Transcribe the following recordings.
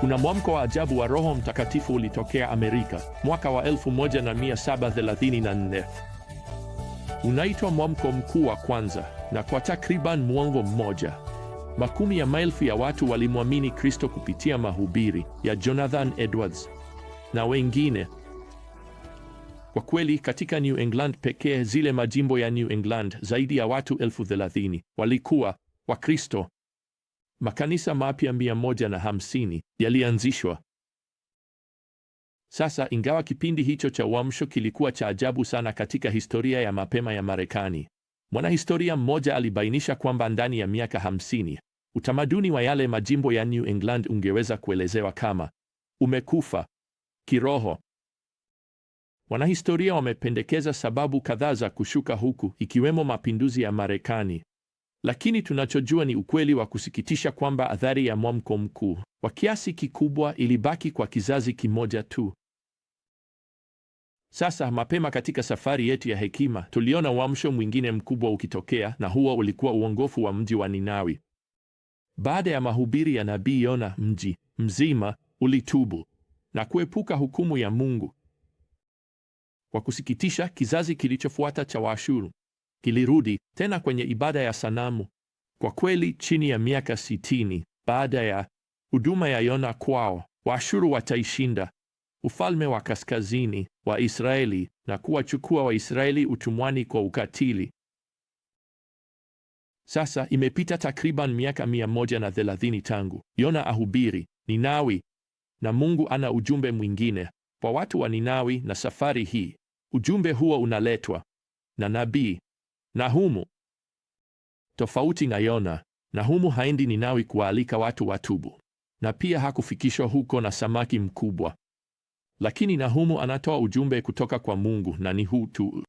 kuna mwamko wa ajabu wa Roho Mtakatifu ulitokea Amerika mwaka wa 1734. Unaitwa mwamko mkuu wa kwanza, na kwa takriban mwongo mmoja makumi ya maelfu ya watu walimwamini Kristo kupitia mahubiri ya Jonathan Edwards na wengine. Kwa kweli, katika New England pekee, zile majimbo ya New England, zaidi ya watu elfu thelathini walikuwa Wakristo makanisa mapya mia moja na hamsini yalianzishwa. Sasa, ingawa kipindi hicho cha uamsho kilikuwa cha ajabu sana katika historia ya mapema ya Marekani, mwanahistoria mmoja alibainisha kwamba ndani ya miaka hamsini utamaduni wa yale majimbo ya New England ungeweza kuelezewa kama umekufa kiroho. Wanahistoria wamependekeza sababu kadhaa za kushuka huku, ikiwemo mapinduzi ya Marekani lakini tunachojua ni ukweli wa kusikitisha kwamba athari ya mwamko mkuu kwa kiasi kikubwa ilibaki kwa kizazi kimoja tu. Sasa mapema katika safari yetu ya hekima, tuliona uamsho mwingine mkubwa ukitokea, na huo ulikuwa uongofu wa mji wa Ninawi. Baada ya mahubiri ya nabii Yona, mji mzima ulitubu na kuepuka hukumu ya Mungu. Kwa kusikitisha, kizazi kilichofuata cha Waashuru kilirudi tena kwenye ibada ya sanamu. Kwa kweli, chini ya miaka sitini baada ya huduma ya Yona kwao, Waashuru wataishinda ufalme wa kaskazini wa Israeli na kuwachukua Waisraeli utumwani kwa ukatili. Sasa imepita takriban miaka mia moja na thelathini tangu Yona ahubiri Ninawi, na Mungu ana ujumbe mwingine kwa watu wa Ninawi, na safari hii ujumbe huo unaletwa na nabii Nahumu, tofauti na Yona, Nahumu haendi Ninawi kuwaalika watu watubu, na pia hakufikishwa huko na samaki mkubwa. Lakini Nahumu anatoa ujumbe kutoka kwa Mungu, na ni huu tu.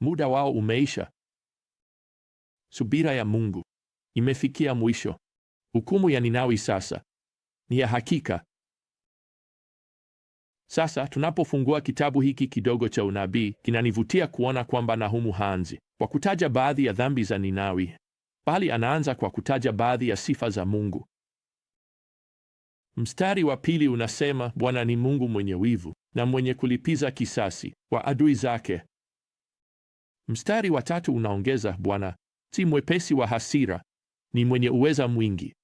Muda wao umeisha. Subira ya Mungu imefikia mwisho. Hukumu ya Ninawi sasa ni ya hakika. Sasa tunapofungua kitabu hiki kidogo cha unabii, kinanivutia kuona kwamba Nahumu haanzi kwa kutaja baadhi ya dhambi za Ninawi, bali anaanza kwa kutaja baadhi ya sifa za Mungu. Mstari wa pili unasema, Bwana ni Mungu mwenye wivu na mwenye kulipiza kisasi kwa adui zake. Mstari wa tatu unaongeza, Bwana si mwepesi wa hasira, ni mwenye uweza mwingi,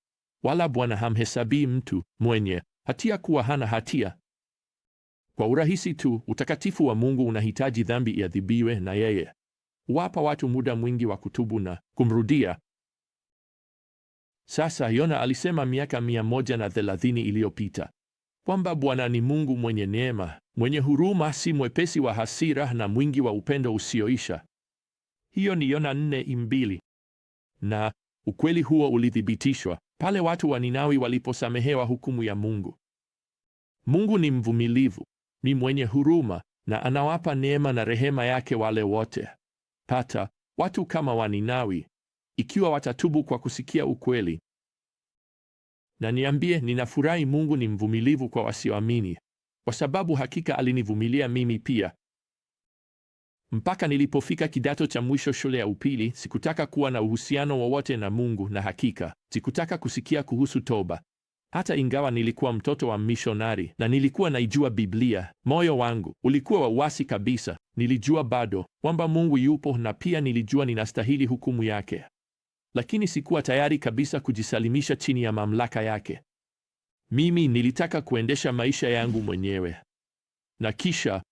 wala Bwana hamhesabii mtu mwenye hatia kuwa hana hatia. Kwa urahisi tu, utakatifu wa Mungu unahitaji dhambi iadhibiwe, na yeye wapa watu muda mwingi wa kutubu na kumrudia. Sasa Yona alisema miaka mia moja na thelathini iliyopita kwamba Bwana ni Mungu mwenye neema, mwenye huruma, si mwepesi wa hasira na mwingi wa upendo usioisha. Hiyo ni Yona nne imbili. Na ukweli huo ulithibitishwa pale watu wa Ninawi waliposamehewa hukumu ya Mungu. Mungu ni mvumilivu ni mwenye huruma na anawapa neema na rehema yake wale wote, pata watu kama Waninawi, ikiwa watatubu kwa kusikia ukweli. Na niambie, ninafurahi Mungu ni mvumilivu kwa wasioamini, kwa sababu hakika alinivumilia mimi pia. Mpaka nilipofika kidato cha mwisho shule ya upili, sikutaka kuwa na uhusiano wowote na Mungu, na hakika sikutaka kusikia kuhusu toba hata ingawa nilikuwa mtoto wa mishonari na nilikuwa naijua Biblia, moyo wangu ulikuwa wa uasi kabisa. Nilijua bado kwamba Mungu yupo na pia nilijua ninastahili hukumu yake, lakini sikuwa tayari kabisa kujisalimisha chini ya mamlaka yake. Mimi nilitaka kuendesha maisha yangu mwenyewe, na kisha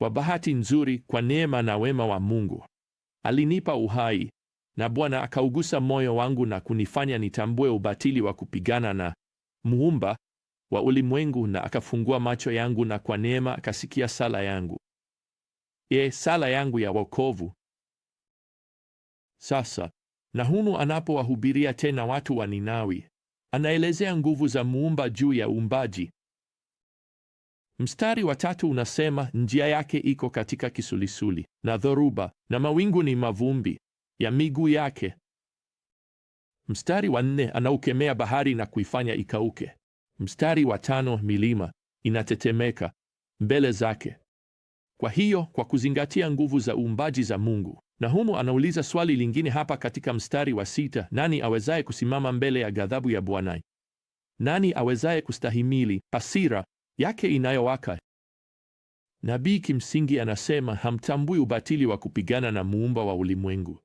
kwa bahati nzuri, kwa neema na wema wa Mungu alinipa uhai, na Bwana akaugusa moyo wangu na kunifanya nitambue ubatili wa kupigana na muumba wa ulimwengu na akafungua macho yangu na kwa neema akasikia sala yangu. Ye, sala yangu ya wokovu. Sasa Nahunu anapowahubiria tena watu wa Ninawi, anaelezea nguvu za muumba juu ya uumbaji. Mstari wa tatu unasema njia yake iko katika kisulisuli na dhoruba, na mawingu ni mavumbi ya miguu yake. Mstari wa nne anaukemea bahari na kuifanya ikauke. Mstari wa tano milima inatetemeka mbele zake. Kwa hiyo kwa kuzingatia nguvu za uumbaji za Mungu, Nahumu anauliza swali lingine hapa katika mstari wa sita: nani awezaye kusimama mbele ya ghadhabu ya Bwana? Nani awezaye kustahimili hasira yake inayowaka? Nabii kimsingi anasema hamtambui ubatili wa kupigana na muumba wa ulimwengu.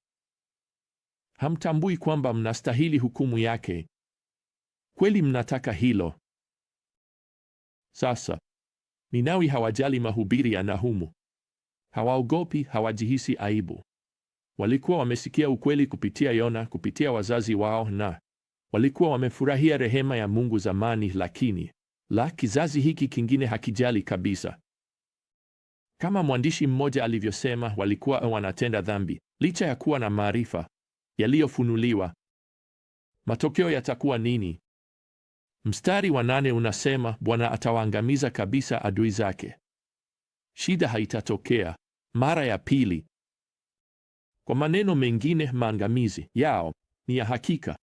Hamtambui kwamba mnastahili hukumu yake? Kweli mnataka hilo? Sasa Ninawi hawajali mahubiri ya Nahumu. Hawaogopi, hawajihisi aibu. Walikuwa wamesikia ukweli kupitia Yona, kupitia wazazi wao, na walikuwa wamefurahia rehema ya Mungu zamani, lakini la kizazi hiki kingine hakijali kabisa. Kama mwandishi mmoja alivyosema, walikuwa wanatenda dhambi licha ya kuwa na maarifa yaliyofunuliwa. Matokeo yatakuwa nini? Mstari wa nane unasema Bwana atawaangamiza kabisa adui zake. Shida haitatokea mara ya pili. Kwa maneno mengine, maangamizi yao ni ya hakika.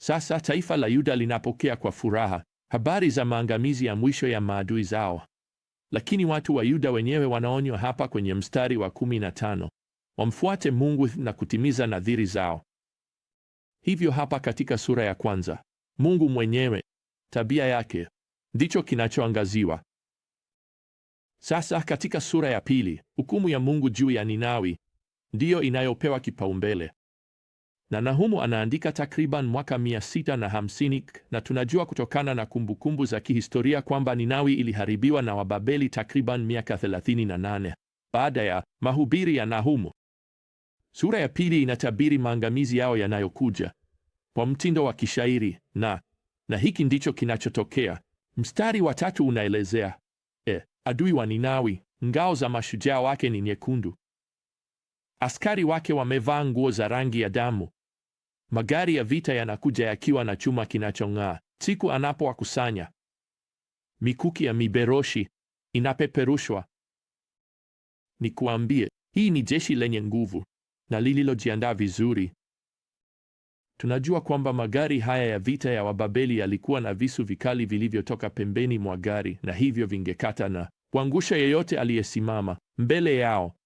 Sasa taifa la Yuda linapokea kwa furaha habari za maangamizi ya mwisho ya maadui zao, lakini watu wa Yuda wenyewe wanaonywa hapa kwenye mstari wa 15 wamfuate Mungu na kutimiza nadhiri zao. Hivyo hapa katika sura ya kwanza, Mungu mwenyewe, tabia yake ndicho kinachoangaziwa. Sasa katika sura ya pili, hukumu ya Mungu juu ya Ninawi ndiyo inayopewa kipaumbele na Nahumu anaandika takriban mwaka 650 na tunajua kutokana na kumbukumbu za kihistoria kwamba Ninawi iliharibiwa na Wababeli takriban miaka 38 baada ya mahubiri ya Nahumu. Sura ya pili inatabiri maangamizi yao yanayokuja kwa mtindo wa kishairi na na hiki ndicho kinachotokea. Mstari wa tatu unaelezea e, adui wa Ninawi, ngao za mashujaa wake ni nyekundu, askari wake wamevaa nguo za rangi ya damu, magari ya vita yanakuja yakiwa na chuma kinachong'aa. Siku anapowakusanya mikuki ya miberoshi inapeperushwa. Nikuambie, hii ni jeshi lenye nguvu na lililojiandaa vizuri. Tunajua kwamba magari haya ya vita ya Wababeli yalikuwa na visu vikali vilivyotoka pembeni mwa gari, na hivyo vingekata na kuangusha yeyote aliyesimama mbele yao.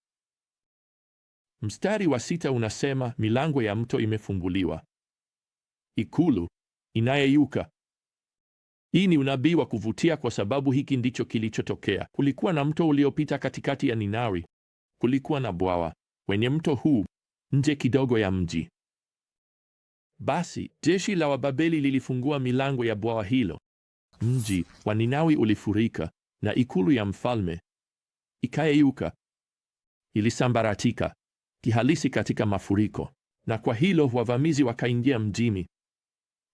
Mstari wa sita unasema milango ya mto imefunguliwa, ikulu inayeyuka. Hii ni unabii wa kuvutia kwa sababu hiki ndicho kilichotokea. Kulikuwa na mto uliopita katikati ya Ninawi. Kulikuwa na bwawa kwenye mto huu nje kidogo ya mji. Basi jeshi la Wababeli lilifungua milango ya bwawa hilo. Mji wa Ninawi ulifurika na ikulu ya mfalme ikayeyuka, ilisambaratika kihalisi katika mafuriko, na kwa hilo wavamizi wakaingia mjini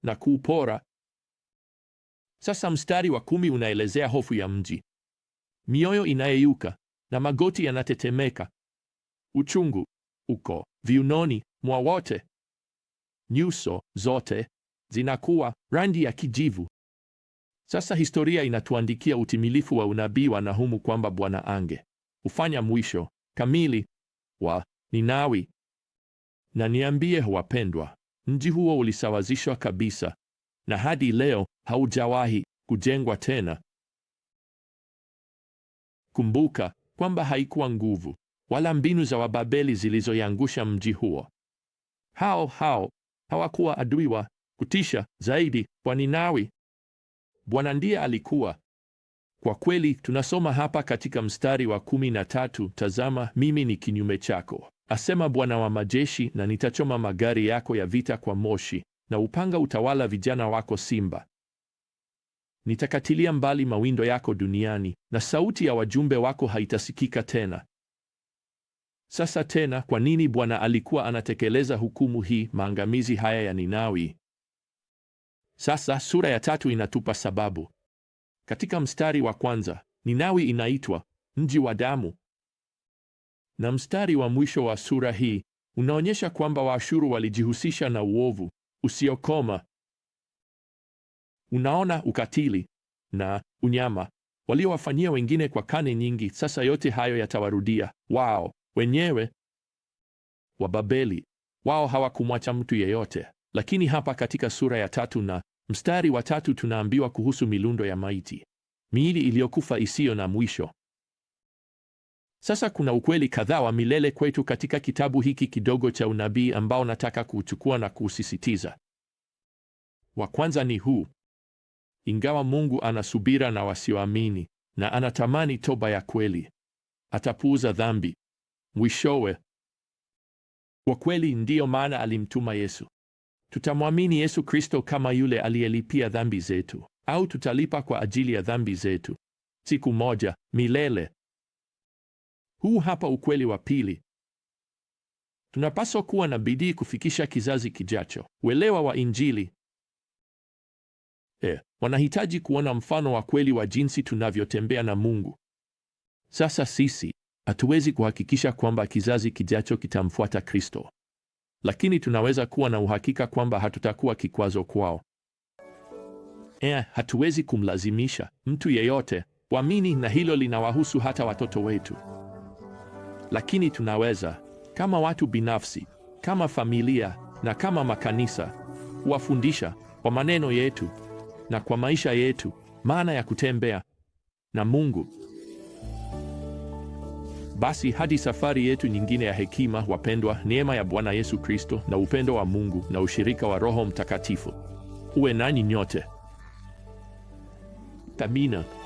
na kuupora. Sasa mstari wa kumi unaelezea hofu ya mji, mioyo inayeyuka na magoti yanatetemeka, uchungu uko viunoni mwa wote. Nyuso zote zinakuwa rangi ya kijivu. Sasa historia inatuandikia utimilifu wa unabii wa Nahumu kwamba Bwana ange ufanya mwisho kamili wa Ninawi. Na niambie wapendwa, mji huo ulisawazishwa kabisa na hadi leo haujawahi kujengwa tena. Kumbuka kwamba haikuwa nguvu wala mbinu za Wababeli zilizoyangusha mji huo. Hao hao hawakuwa adui wa kutisha zaidi kwa Ninawi. Bwana ndiye alikuwa kwa kweli. Tunasoma hapa katika mstari wa kumi na tatu, tazama mimi ni kinyume chako, asema Bwana wa majeshi, na nitachoma magari yako ya vita kwa moshi, na upanga utawala vijana wako simba. Nitakatilia mbali mawindo yako duniani, na sauti ya wajumbe wako haitasikika tena. Sasa tena, kwa nini Bwana alikuwa anatekeleza hukumu hii, maangamizi haya ya Ninawi? Sasa sura ya tatu inatupa sababu. Katika mstari wa kwanza, Ninawi inaitwa mji wa damu, na mstari wa mwisho wa sura hii unaonyesha kwamba Waashuru walijihusisha na uovu usiokoma. Unaona ukatili na unyama waliowafanyia wengine kwa kane nyingi. Sasa yote hayo yatawarudia wao wenyewe wa Babeli. Wao hawakumwacha mtu yeyote. Lakini hapa katika sura ya tatu na mstari wa tatu tunaambiwa kuhusu milundo ya maiti, miili iliyokufa isiyo na mwisho. Sasa kuna ukweli kadhaa wa milele kwetu katika kitabu hiki kidogo cha unabii ambao nataka kuuchukua na kuusisitiza. Wa kwanza ni huu: ingawa Mungu anasubira na wasioamini na anatamani toba ya kweli, atapuuza dhambi mwishowe. Kwa kweli ndiyo maana alimtuma Yesu. Tutamwamini Yesu Kristo kama yule aliyelipia dhambi zetu, au tutalipa kwa ajili ya dhambi zetu siku moja milele. Huu hapa ukweli wa pili. Tunapaswa kuwa na bidii kufikisha kizazi kijacho uelewa wa Injili. E, wanahitaji kuona mfano wa kweli wa jinsi tunavyotembea na Mungu. Sasa sisi Hatuwezi kuhakikisha kwamba kizazi kijacho kitamfuata Kristo, lakini tunaweza kuwa na uhakika kwamba hatutakuwa kikwazo kwao. Eh, hatuwezi kumlazimisha mtu yeyote kuamini, na hilo linawahusu hata watoto wetu, lakini tunaweza kama watu binafsi, kama familia na kama makanisa kuwafundisha kwa maneno yetu na kwa maisha yetu maana ya kutembea na Mungu. Basi hadi safari yetu nyingine ya hekima, wapendwa, neema ya Bwana Yesu Kristo na upendo wa Mungu na ushirika wa Roho Mtakatifu uwe nani nyote. Amina.